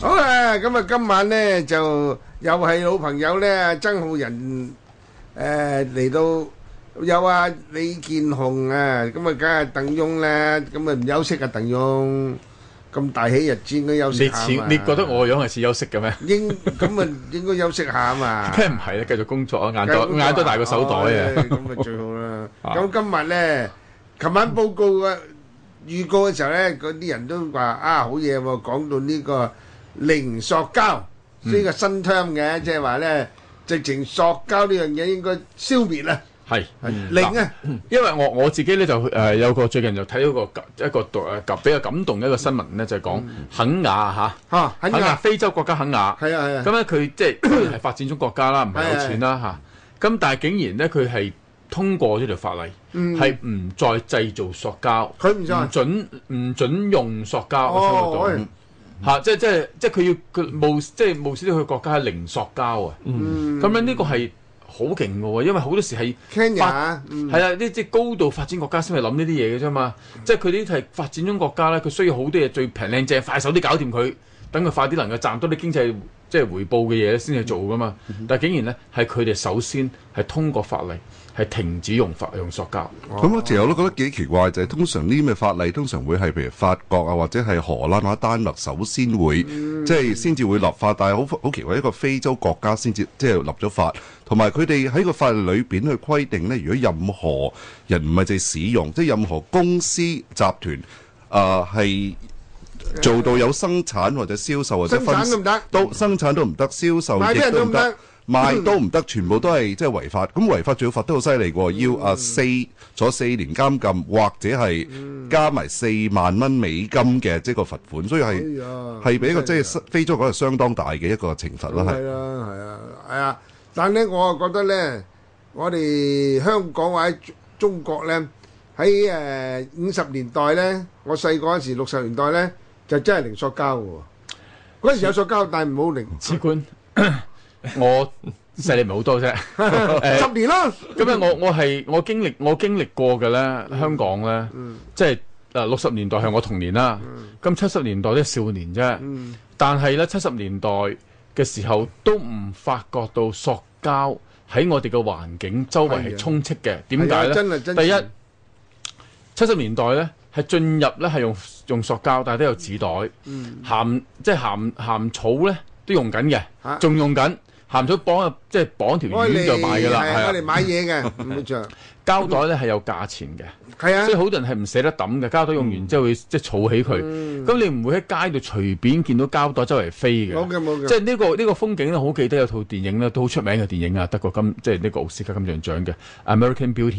好啦，咁啊，今晚咧就又係老朋友咧，曾浩仁誒嚟到，有啊李健雄啊，咁啊，梗係鄧雍啦，咁啊唔休息啊，鄧雍咁大喜日，應該休息下啊嘛。你似你覺得我個樣係似休息嘅咩？應咁啊，應該休息下啊嘛。梗唔係啦，繼續工作啊，眼袋眼袋大過手袋啊。咁啊最好啦。咁今日咧，琴晚報告嘅預告嘅時候咧，嗰啲人都話啊，好嘢喎，講到呢個。零塑膠呢個新 term 嘅，即係話咧，直情塑膠呢樣嘢應該消滅啦。係，零啊，因為我我自己咧就誒有個最近就睇到個一個感比較感動嘅一個新聞咧，就係講肯亞嚇，肯亞非洲國家肯亞，係啊係啊，咁咧佢即係發展中國家啦，唔係有錢啦嚇。咁但係竟然咧，佢係通過呢條法例，係唔再製造塑膠，佢唔準唔準用塑膠。嚇、啊！即係即係即係佢要佢無即係無少啲佢國家係零塑膠啊！咁、嗯、樣呢個係好勁嘅喎，因為好多時係係 Kenya, 啊！呢啲高度發展國家先係諗呢啲嘢嘅啫嘛。即係佢啲係發展中國家咧，佢需要好多嘢最平靚正，快手啲搞掂佢，等佢快啲能夠賺多啲經濟即係回報嘅嘢先去做噶嘛。但係竟然咧，係佢哋首先係通過法例。係停止用法用塑膠。咁、哦、我其實我都覺得幾奇怪，就係、是、通常呢啲咩法例通常會係譬如法國啊，或者係荷蘭啊、丹麥首先會，即係先至會立法。但係好好奇怪，一個非洲國家先至即係立咗法，同埋佢哋喺個法例裏邊去規定呢，如果任何人唔係淨係使用，即、就、係、是、任何公司集團啊，係、呃、做到有生產或者銷售或者分，都生產都唔得，嗯、銷售給都唔得。賣都唔得，全部都係即係違法。咁違法仲要罰得好犀利喎，要啊四坐四年監禁，或者係加埋四萬蚊美金嘅即係個罰款。所以係係俾一個即係非洲嗰個相當大嘅一個懲罰啦。係係啊，係啊，但係咧，我覺得咧，我哋香港或者中國咧，喺誒五十年代咧，我細個嗰時六十年代咧，就真係零塑膠嘅。嗰陣時有塑膠，但係唔好零。接管。 我細你唔係好多啫。 啊、十年啦。咁咧、嗯，我我係我經歷我經歷過嘅咧，香港咧，即係呃六十年代係我童年啦。咁七十年代都係少年啫，嗯、但係咧七十年代嘅時候都唔發覺到塑膠喺我哋嘅環境周圍係充斥嘅。點解咧？第一，七十年代咧係進入咧係用用塑膠，但係都有紙袋，鹹、嗯嗯、即係鹹鹹草咧都用緊嘅，仲用緊。鹹水綁入即係綁條魚就買㗎啦，係是啊，我嚟買嘢嘅，唔會 膠袋咧係有價錢嘅，係啊，所以好多人係唔捨得抌嘅膠袋，用完之後會即係儲起佢，咁、嗯、你唔會喺街度隨便見到膠袋周圍飛嘅，冇嘅，冇嘅，即係、這、呢個呢、這個風景咧，好記得有套電影咧都好出名嘅電影啊，得過金即係呢個奧斯卡金像獎嘅《American Beauty》。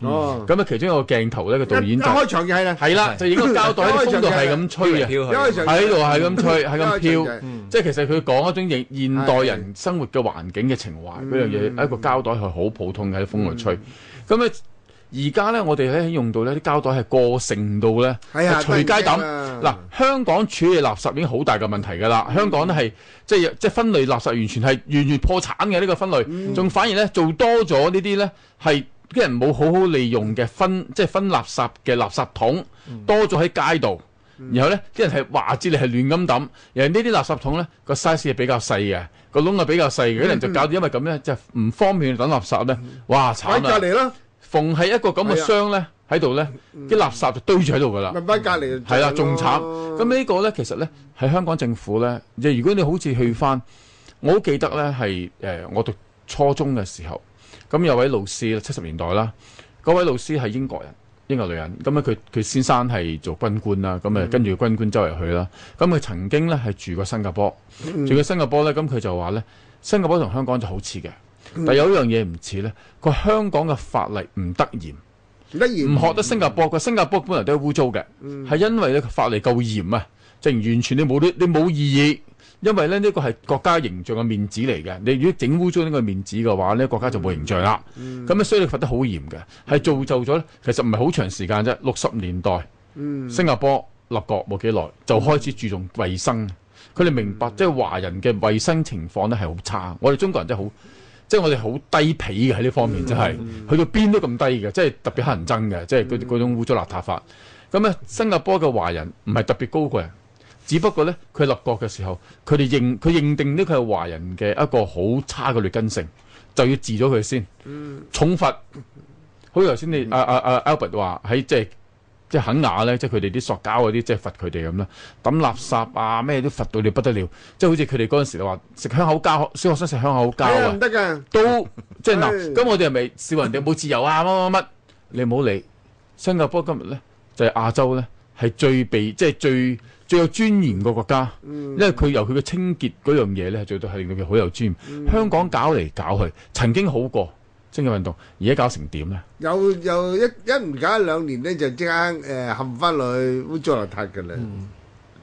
哦，咁啊，其中一個鏡頭咧，個導演就一開場就係啦，係啦，就影個膠袋喺風度係咁吹啊，喺度係咁吹，係咁飄，即係其實佢講一種現代人生活嘅環境嘅情懷嗰樣嘢，一個膠袋係好普通嘅，喺風度吹。咁咧，而家咧，我哋咧用到呢啲膠袋係過剩到咧，隨街抌。嗱，香港處理垃圾已經好大嘅問題㗎啦，香港咧係即係即係分類垃圾完全係越嚟越破產嘅呢個分類，仲反而咧做多咗呢啲咧係。啲人冇好好利用嘅分，即、就、係、是、分垃圾嘅垃圾桶多咗喺街度，然後咧啲人係話知你係亂咁抌，然後呢啲垃圾桶咧個 size 係比較細嘅，個窿係比較細嘅，啲人就搞到因為咁咧就唔、是、方便抌垃圾咧，哇慘隔離啦，逢係一個咁嘅箱咧喺度咧，啲垃圾就堆住喺度噶啦，喺隔離係啦，仲慘。咁、嗯、呢個咧其實咧喺香港政府咧，即係如果你好似去翻，我好記得咧係誒我讀初中嘅時候。咁有位老師，七十年代啦，嗰位老師係英國人，英國女人。咁咧佢佢先生係做軍官啦，咁啊跟住軍官周圍去啦。咁佢曾經呢係住過新加坡，嗯、住過新加坡呢。咁佢就話呢，新加坡同香港就好似嘅，但係有樣嘢唔似呢，個香港嘅法例唔得嚴，唔得嚴，唔學得新加坡嘅。嗯、新加坡本來都係污糟嘅，係、嗯、因為咧法例夠嚴啊，即係完全你冇啲你冇意義。因為咧呢個係國家形象嘅面子嚟嘅，你如果整污糟呢個面子嘅話呢，國家就冇形象啦。咁啊、嗯，所以你罰得好嚴嘅，係造就咗咧。其實唔係好長時間啫，六十年代，新加坡立國冇幾耐就開始注重衛生。佢哋明白，即係華人嘅衛生情況咧係好差。我哋中國人真係好，即係我哋好低鄙嘅喺呢方面真係，去到邊都咁低嘅，即係特別乞人憎嘅，即係嗰嗰種污糟邋遢法。咁咧，新加坡嘅華人唔係特別高貴。只不過咧，佢立國嘅時候，佢哋認佢認定呢，佢係華人嘅一個好差嘅劣根性，就要治咗佢先，重罰。好似頭先你阿阿阿 Albert 話喺即係即係肯雅咧，即係佢哋啲塑膠嗰啲即係罰佢哋咁啦，抌垃圾啊咩都罰到你不得了，即係好似佢哋嗰陣就話食香口膠，小學生食香口膠啊，唔得噶、哎，都即係嗱咁我哋係咪笑人哋冇自由啊？乜乜乜，你唔好理新加坡今日咧就係亞洲咧係最被即係最。最有尊嚴個國家，因為佢由佢嘅清潔嗰樣嘢咧，最多係令到佢好有尊嚴。香港搞嚟搞去，曾經好過清潔運動，而家搞成點咧？有有一一唔搞一兩年咧，就即刻誒冚翻去烏糟邋遢噶啦。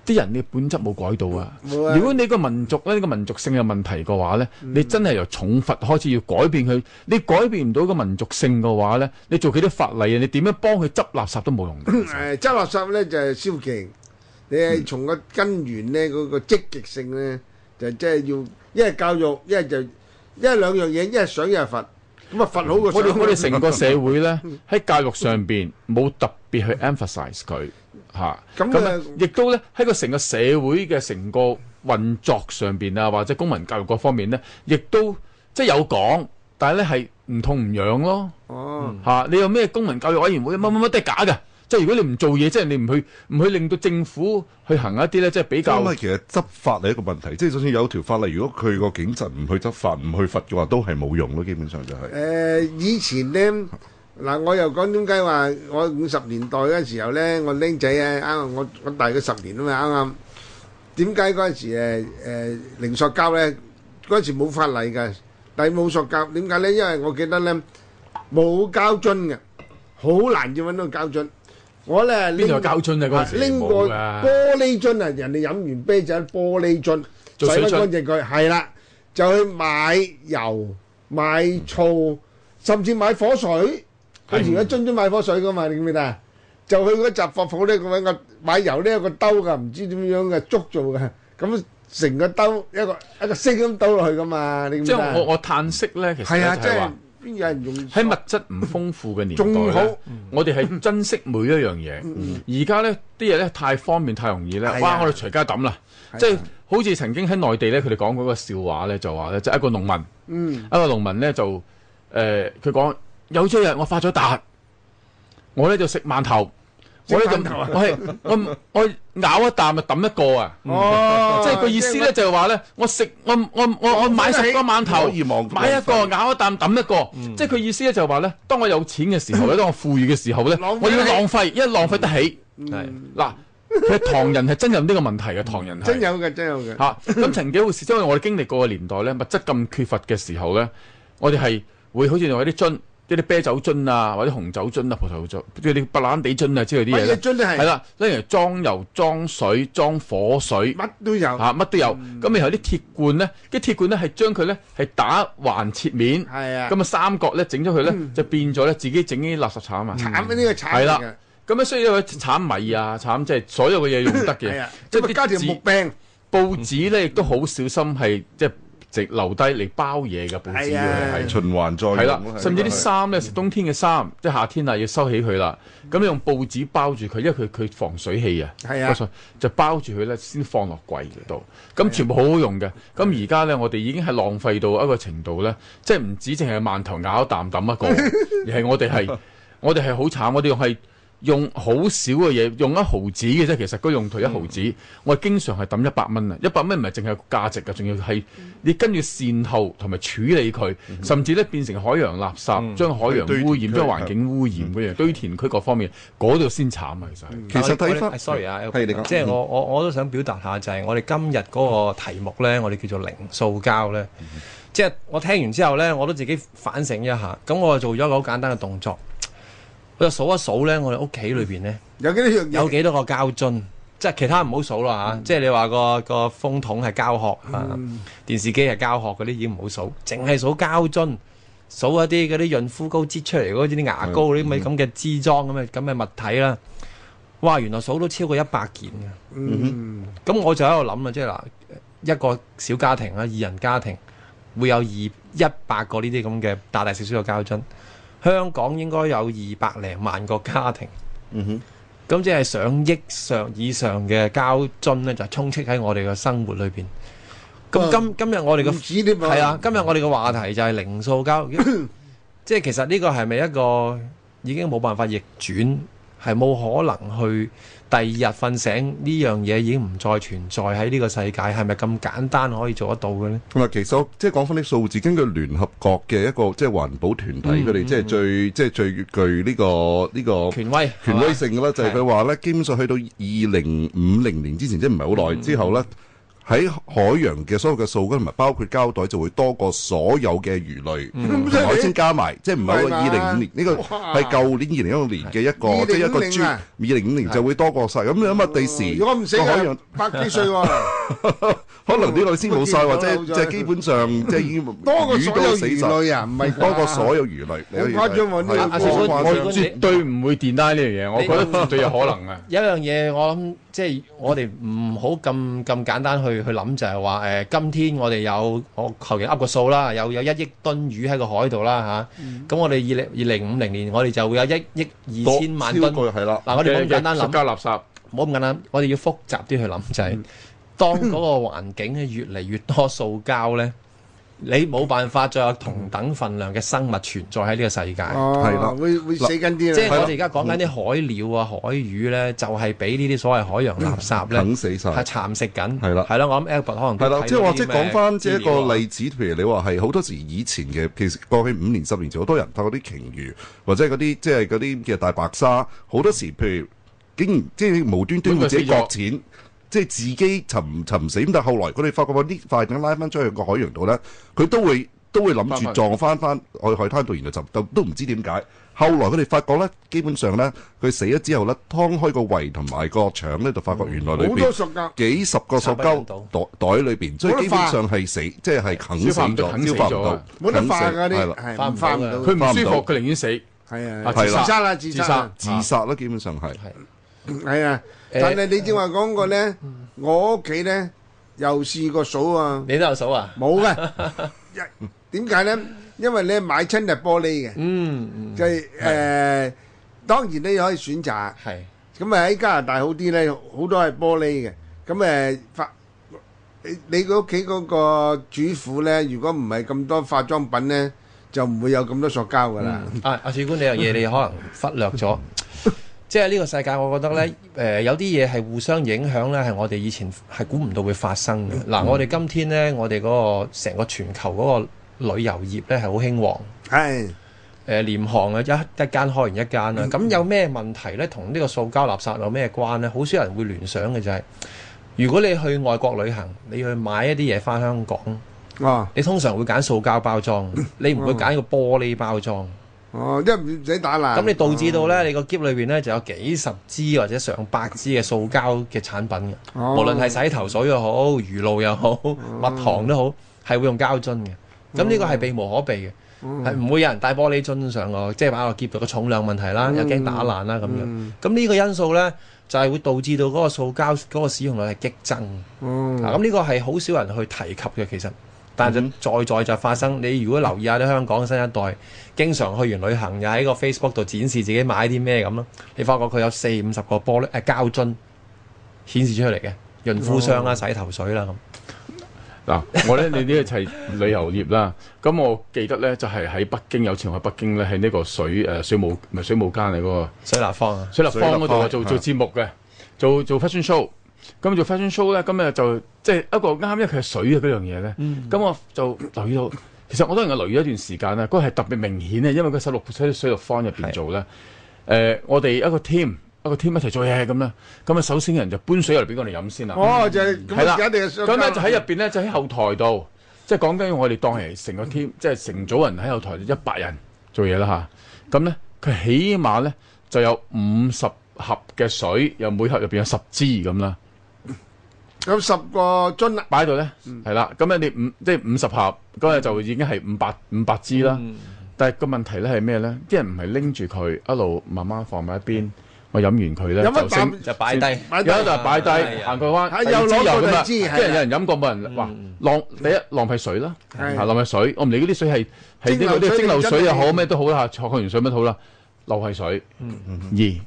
啲人嘅本質冇改到啊！如果你個民族咧，呢個民族性嘅問題嘅話咧，你真係由重罰開始要改變佢。你改變唔到個民族性嘅話咧，你做佢啲法例啊？你點樣幫佢執垃圾都冇用。誒，執垃圾咧就係消極。你係從個根源咧，嗰個積極性咧，就真係要一係教育，一係就一係兩樣嘢，一係賞，一係罰。咁啊，罰好個。我哋我哋成個社會咧，喺教育上邊冇特別去 emphasize 佢嚇。咁啊，亦都咧喺個成個社會嘅成個運作上邊啊，或者公民教育各方面咧，亦都即係有講，但係咧係唔痛唔癢咯。哦嚇，你有咩公民教育委員會乜乜乜都係假嘅。即係如果你唔做嘢，即係你唔去唔去令到政府去行一啲咧，即係比較。咁啊，其實執法係一個問題，即係就算有條法例，如果佢個警察唔去執法，唔去罰嘅話，都係冇用咯。基本上就係。誒以前咧，嗱我又講點解話我五十年代嗰陣時候咧，我僆仔啊，啱，我我大佢十年啊嘛啱啱。點解嗰陣時誒誒零塑膠咧？嗰陣時冇法例嘅，但係冇塑膠點解咧？因為我記得咧冇膠樽嘅，好難要揾到膠樽。我咧邊度有膠樽啊？嗰陣時拎個玻璃樽啊！人哋飲完啤酒，玻璃樽洗得乾淨佢係啦，就去買油、買醋，甚至買火水。以前嗰樽樽買火水噶嘛，你記唔記得啊？就去嗰雜貨鋪咧，揾個買油咧，有個兜噶，唔知點樣嘅竹做嘅，咁成個兜一個一個聲咁兜落去噶嘛。你即係我我嘆息咧，其實係啊，即係話。邊有人用，喺物質唔豐富嘅年代，仲好，我哋係珍惜每一樣嘢。而家咧啲嘢咧太方便，太容易咧， 哇！的我哋隨家抌啦，的即係好似曾經喺內地咧，佢哋講嗰個笑話咧，就話咧，即、就、係、是、一個農民，嗯、一個農民咧就誒，佢、呃、講有朝一日我發咗達，我咧就食饅頭。我咧咁頭啊！我係我我咬一啖咪抌一個啊！哦、即係個意思咧就係話咧，我食我我我浪分 我買十個饅頭，買一個咬一啖抌、嗯、一個，即係佢意思咧就係話咧，當我有錢嘅時候咧，當我富裕嘅時候咧，嗯、我要浪費，一、嗯、浪費得起。係嗱、嗯，其實唐人係真有呢個問題嘅，唐人係真有嘅，真有嘅嚇。咁、啊、曾幾何時因為我哋經歷過嘅年代咧物質咁缺乏嘅時候咧，我哋係會好似用一啲樽。啲啤酒樽啊，或者紅酒樽啊，葡萄酒樽，啲啲白蘭地樽啊，之類啲嘢咧，係啦，所以裝油、裝水、裝火水，乜都有嚇，乜都有。咁然後啲鐵罐咧，啲鐵罐咧係將佢咧係打橫切面，咁啊三角咧整咗佢咧就變咗咧自己整啲垃圾鏟啊，鏟呢個鏟，係啦。咁啊，需要一個鏟米啊，鏟即係所有嘅嘢用得嘅。即係加條木柄，報紙咧亦都好小心係即係。食留低嚟包嘢嘅報紙，係、哎、呀是循環再用。係啦，甚至啲衫咧，冬天嘅衫，即係夏天啦，要收起佢啦。咁、嗯嗯、你用報紙包住佢，因為佢佢防水氣啊，係啊的，就包住佢咧，先放落櫃度。咁全部好好用嘅。咁而家咧，我哋已經係浪費到一個程度咧，即係唔止淨係饅頭咬一啖抌一個， 而係我哋係我哋係好慘，我哋用係。用好少嘅嘢，用一毫子嘅啫。其實個用途一毫子，我係經常係抌一百蚊啊！一百蚊唔係淨係價值嘅，仲要係你跟住善後同埋處理佢，甚至咧變成海洋垃圾，將海洋污染、將環境污染嗰啲堆填區各方面，嗰度先慘啊！其實，其實睇 sorry 啊，即係我我我都想表達下，就係我哋今日嗰個題目咧，我哋叫做零塑膠咧，即係我聽完之後咧，我都自己反省一下。咁我做咗一個好簡單嘅動作。我就數一數咧，我哋屋企裏邊咧，有幾多樣嘢？有幾多個膠樽，即係其他唔好數啦吓。嗯、即係你話個個風筒係膠殼啊，電視機係膠殼嗰啲已經唔好數，淨係數膠樽，數一啲嗰啲潤膚膏擠出嚟嗰啲啲牙膏嗰啲咪咁嘅支裝咁嘅咁嘅物體啦，啊。哇，原來數都超過一百件嘅。咁我就喺度諗啦，即係嗱，一個小家庭啊，二人家庭會有二一百個呢啲咁嘅大大小小嘅膠樽。香港應該有二百零萬個家庭，咁、嗯、哼即係上億上以上嘅膠樽咧，就是，充斥喺我哋嘅生活裏邊。咁今、嗯、今日我哋嘅係啊，今日我哋嘅話題就係零塑膠， 即係其實呢個係咪一個已經冇辦法逆轉？係冇可能去第二日瞓醒呢樣嘢已經唔再存在喺呢個世界，係咪咁簡單可以做得到嘅呢？咁啊，其實我即係講翻啲數字，根據聯合國嘅一個即係環保團體，佢哋、嗯嗯、即係最即係最具呢、這個呢、這個權威權威性嘅啦，吧就係佢話咧，是的 基本上去到二零五零年之前，嗯、即係唔係好耐之後呢。喺海洋嘅所有嘅數，跟同埋包括膠袋就會多過所有嘅魚類、海鮮加埋，即係唔係話二零五年呢個係舊年二零一六年嘅一個一個 G，二零五年就會多過曬咁，你諗吓，第時如果唔死，海洋百幾歲喎？可能啲類先冇晒，或者即係基本上即係已經多過所有魚類啊，唔係多過所有魚類。我絕對唔會電拉呢樣嘢，我覺得最有可能啊。有一樣嘢，我諗即係我哋唔好咁咁簡單去去諗，就係話誒，今天我哋有我求其噏個數啦，有有一億噸魚喺個海度啦吓。咁我哋二零二零五零年，我哋就會有一億二千萬噸。多超過係啦。嗱，我哋唔好簡單諗，唔好加垃圾。唔好咁簡單，我哋要複雜啲去諗就係。當嗰個環境咧越嚟越多塑膠咧，你冇辦法再有同等份量嘅生物存在喺呢個世界。係啦，會會死緊啲即係我哋而家講緊啲海鳥啊、海魚咧，就係俾呢啲所謂海洋垃圾咧，啃死晒，係蠶食緊。係啦，係啦，我諗 Albert 可能都係啦，即係話，即係講翻即係一個例子，譬如你話係好多時以前嘅，其實過去五年、十年前，好多人偷啲鯨魚，或者嗰啲即係嗰啲嘅大白鯊，好多時譬如竟然即係無端端自己擱淺。即係自己沉沉死咁，但係後來佢哋發覺話呢啲快艇拉翻出去個海洋度咧，佢都會都會諗住撞翻翻去海灘度，然後就都都唔知點解。後來佢哋發覺咧，基本上咧佢死咗之後咧，劏開個胃同埋個腸咧，就發覺原來裏邊幾十個塑膠袋袋裏邊，所以基本上係死，即係係啃死咗，消化唔到，冇得發嗰啲，發唔到，佢唔舒服，佢寧願死，係啊，自殺啦，自殺，自殺啦，基本上係，係啊。但係你正話講過咧，我屋企咧又試過數啊！你都有數啊？冇嘅，點解咧？因為你買親係玻璃嘅，就係誒，當然你可以選擇。係咁啊，喺加拿大好啲咧，好多係玻璃嘅。咁誒，化你你個屋企嗰個主婦咧，如果唔係咁多化妝品咧，就唔會有咁多塑膠噶啦。啊，阿主管，你有嘢你可能忽略咗。即係呢個世界，我覺得呢，誒、呃、有啲嘢係互相影響呢，係我哋以前係估唔到會發生嘅。嗱，我哋今天呢，我哋嗰、那個成個全球嗰個旅遊業呢，係好興旺。係誒的，廉航啊，一一間開完一間啦。咁有咩問題呢？同呢個塑膠垃圾有咩關呢？好少人會聯想嘅就係、是，如果你去外國旅行，你去買一啲嘢返香港，啊、你通常會揀塑膠包裝，你唔會揀個玻璃包裝。哦，因為唔使打爛，咁你導致到咧，你個篋裏邊咧就有幾十支或者上百支嘅塑膠嘅產品嘅，無論係洗頭水又好、魚露又好、蜜糖都好，係會用膠樽嘅。咁呢個係避無可避嘅，係唔會有人帶玻璃樽上個，即係擺落篋度個重量問題啦，又驚打爛啦咁樣。咁呢個因素咧，就係會導致到嗰個塑膠嗰個使用率係激增。啊，咁呢個係好少人去提及嘅其實。但係就再再就發生，你如果留意下啲香港新一代，經常去完旅行又喺個 Facebook 度展示自己買啲咩咁咯。你發覺佢有四五十個玻璃誒膠樽顯示出嚟嘅潤膚霜啦、洗頭水啦咁。嗱， 我咧你呢一齊旅遊業啦。咁 我記得呢，就係、是、喺北京有次去北京咧，喺呢個水誒、呃、水務唔係水務間嚟嗰個水立方，水立方嗰度做的做，做節目嘅，做做 fashion show。咁做 fashion show 咧，咁啊就即係、就是、一個啱咧，佢係水嘅嗰樣嘢咧。咁、嗯、我就留意到，其實我都係我留意咗一段時間啦。嗰、那個係特別明顯咧，因為佢十六庫車啲水立方入邊做啦。誒是、呃，我哋一個 team 一個 team 一齊做嘢咁啦。咁啊，首先人就搬水入嚟俾我哋飲先啦。哦，就係咁咁咧，就喺入邊咧，就喺後台度，即係講緊我哋當係成個 team，即係成組人喺後台，一百人做嘢啦吓，咁、啊、咧，佢起碼咧就有五十盒嘅水，又每盒入邊有十支咁啦。有十個樽擺喺度咧，係啦。咁咧你五即係五十盒，嗰日就已經係五百五百支啦。但係個問題咧係咩咧？啲人唔係拎住佢一路慢慢放埋一邊。我飲完佢咧，有乜升就擺低，有就擺低。行過彎，又攞第二支。有人飲過冇人話浪，第一浪費水啦，係浪費水。我唔理嗰啲水係係呢個啲蒸餾水又好，咩都好啦。錯過完水乜好啦，浪費水。二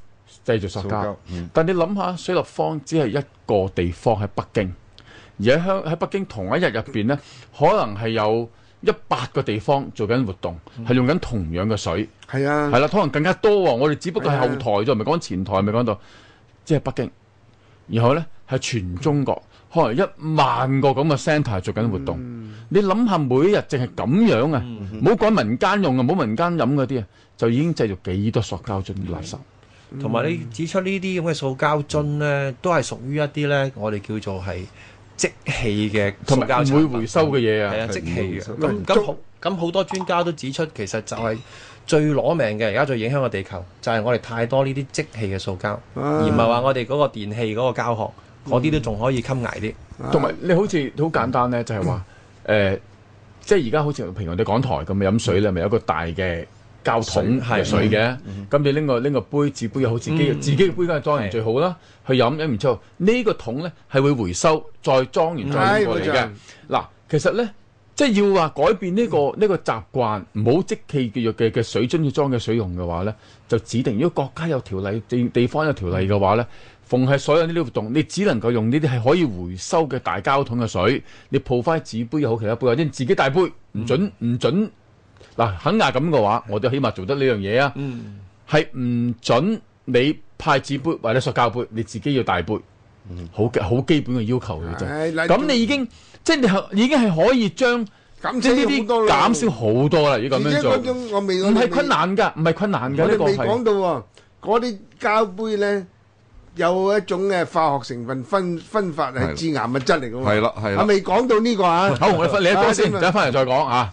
製造塑膠，但你諗下，水立方只係一個地方喺北京，而喺香喺北京同一日入邊呢可能係有一百個地方做緊活動，係用緊同樣嘅水，係啊，係啦，可能更加多喎。我哋只不過係後台啫，唔係講前台，唔係講到即係北京，然後呢，係全中國可能一萬個咁嘅 centre 做緊活動。你諗下，每日淨係咁樣啊，唔好講民間用啊，冇民間飲嗰啲啊，就已經製造幾多塑膠樽垃圾？同埋你指出呢啲咁嘅塑膠樽呢，都係屬於一啲呢，我哋叫做係即棄嘅，同埋會回收嘅嘢啊，係啊，即棄嘅。咁咁好，好多專家都指出，其實就係最攞命嘅，而家最影響個地球，就係、是、我哋太多呢啲即棄嘅塑膠，啊、而唔係話我哋嗰個電器嗰個膠殼，嗰啲、嗯、都仲可以襟捱啲。同埋、啊、你好似好簡單呢，就係話誒，即係而家好似平時我哋港台咁飲水咧，你咪有個大嘅。膠桶係水嘅，咁你拎個拎個杯子，紙杯又、嗯、好，自己自己嘅杯梗係當然最好啦。去飲飲完之後，呢個桶咧係會回收再裝完再用過嚟嘅。嗱，其實咧即係要話改變呢、這個呢、嗯、個習慣，唔好即棄嘅嘅嘅水樽去裝嘅水用嘅話咧，就指定如果國家有條例，地地方有條例嘅話咧，逢係所有呢啲活動，你只能夠用呢啲係可以回收嘅大膠桶嘅水，你抱翻紙杯又好，其他杯又好，或者自己帶杯，唔準唔準。嗱，肯牙咁嘅話，我哋起碼做得呢樣嘢啊，係唔準你派紙杯或者塑膠杯，你自己要大杯，好好基本嘅要求嘅啫。咁你已經即係你已經係可以將即係呢啲減少好多啦，如果咁樣做，唔係困難㗎，唔係困難㗎。我哋未講到喎，嗰啲膠杯咧有一種嘅化學成分分分法係致癌物質嚟㗎嘛。係啦，係啦，我未講到呢個啊。好，我哋分，你等先，等翻嚟再講嚇。